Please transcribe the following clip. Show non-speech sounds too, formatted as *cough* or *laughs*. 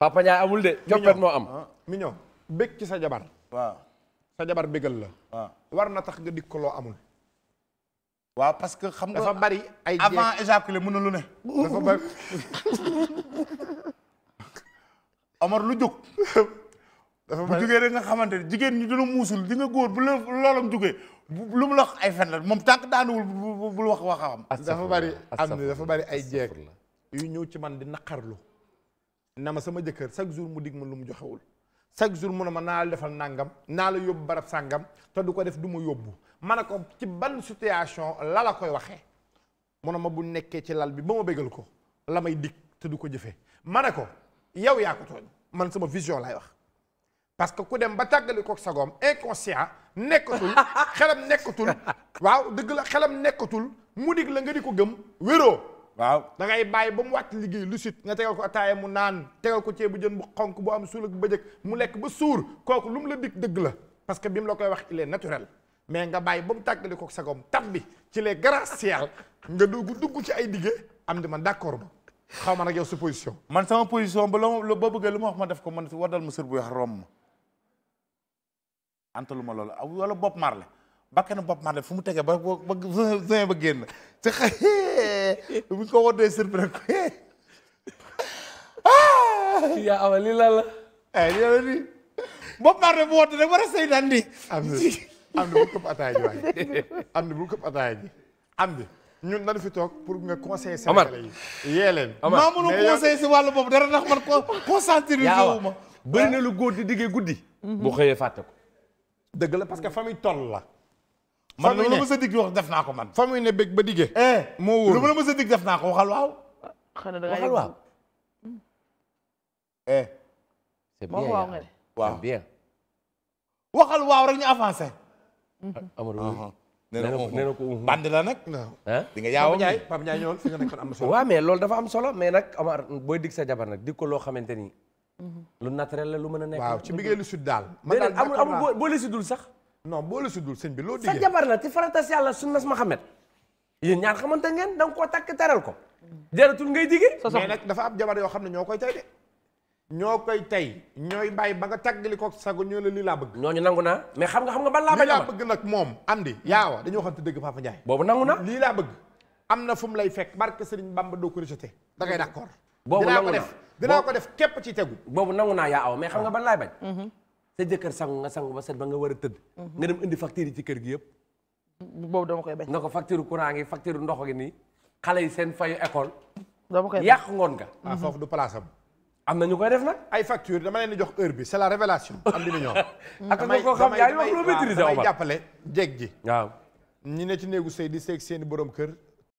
papa Ndiaye amul de. coppet moo am ah, mignon bëgg ci sa jabar. waaw sa jabar bëggal la. waa war na tax nga dikk ko loo amul. waaw parce que xam nga dafa bari ay avant éjaculer mën na lu ne. *laughs* Omar lu jóg. dafa bari bu jógee rek xamante ne jigéen ñi dina muusul di góor bu la loolam jógee lu mu la ay fen la moom tànk daanuwul bu bu bu wax waxam. dafa bari am dafa bari ay jeeg yu ñëw ci man di naqarlu. na ma sama jëkkër chaque jour mu dig ma lu mu joxewul chaque jour mu ne ma naa la defal nangam naa la yóbbu barab sàngam te du ko def du ma yóbbu ma ne ko ci ban situation la la koy waxee mu ne ma bu nekkee ci lal bi ba ma bégal ko la may dig te du ko jëfe ma ne ko yow yaa ko tooñ man sama vision lay wax parce que ku dem ba tàggali kook sagoom inconscient nekkatul xelam nekkatul waaw dëgg la xelam nekkatul mu dig la nga di ko gëm wéroo waaw da ngay bàyyi ba mu wàcc liggéey lu sit nga tegal ko ataaya mu naan tegal ko ceebu jën bu xonk bu am suul ak bëjëg mu lekk ba suur kooku lu mu la dig dëgg la parce que bi mu la koy wax il est naturel mais nga bàyyi ba mu tàggali ko sagom tabbi ci les gratte-ciel nga dugg dugg ci ay digge am di man d'accord ma xaw ma nag yow sa position man sama position ba la ba bëggee lu ma wax ma def ko man waddal ma sër bu wax romb antalu ma loolu ah, wala bopp marle bakkanu bopp marle fu mu tegee ba ba ba génn te *laughs* bu *laughs* ñu ko wootee surprise *laughs* yaa amal lii lan la. ay eh, lii la nii. boo paree bu wootee rek war a sëy daan di. am na am na bu këpp ataaya ji am na bu këpp ataaya fi toog pour nga conseiller Sénégalais yi. yee leen maa mënu conseiller si wàllu boobu dara ndax man ko concentré. yaa bëri na lu góor di diggee guddi. Mhm. bu xëyee fàtte ko. dëgg la parce que famille toll la. man lu ma la mës a dig naa ko man. fa muy ne bëgg ba diggee. Eh, moo wóor a dig def naa ko waxal waaw. xanaa da eh. nga waxal bien waaw waaw c'est bien. waxal waaw rek ñu avancé. Ah, Amadou uh-huh. nee na na ko uh-huh. uh-huh. bandi la nag. di nga yaaw mais loolu dafa am solo mais nag Amar booy dig sa jabar nag dig ko loo xamante ni. Mm-hmm. lu naturel la lu mën a nekk. waaw ci biir lu sud daal. man daal amul amul boo boo la si dul sax. non boo la suddul sëñ bi loo diggee sa jabar la ci farata si yàlla sunnas Muhammad yéen ñaar xamante ngeen da nga koo takk teral ko jaratul ngay diggee mais nag dafa am jabar yoo xam ne ñoo koy tay de ñoo koy tay ñooy bàyyi ba nga tàggali ko sago ñoo la lii laa bëgg ñooñu nangu naa mais xam nga xam nga ban laa bañ laa bëgg nag moom am di yaawa dañoo xam te dëgg Papa laa bëgg am na fu mu lay fekk barke Sëriñ Bamba doo ko rejeté da ngay d'accord boobu nangu naa dinaa ko def dinaa ko def képp ci tegu boobu nangu naa yaa aw mais xam nga ah. ban laay bañ mhm. sa jëkkër sangu nga sangu ba set ba nga war a tëdd nga dem indi facture yi ci kër gi yëpp boobu dama koy bañ na ko facture courant ngi facture ndox gi xale yi seen fayu école dama koy yàq ngoon nga ah foofu am na ñu koy def nag ay facture dama leen di jox heure bi c'est la révélation am dina *laughs* ñëw ak nga ko xam yaa ngi wax loo jeeg ji waaw ñi ne ci néegu sëy di seeg seeni borom kër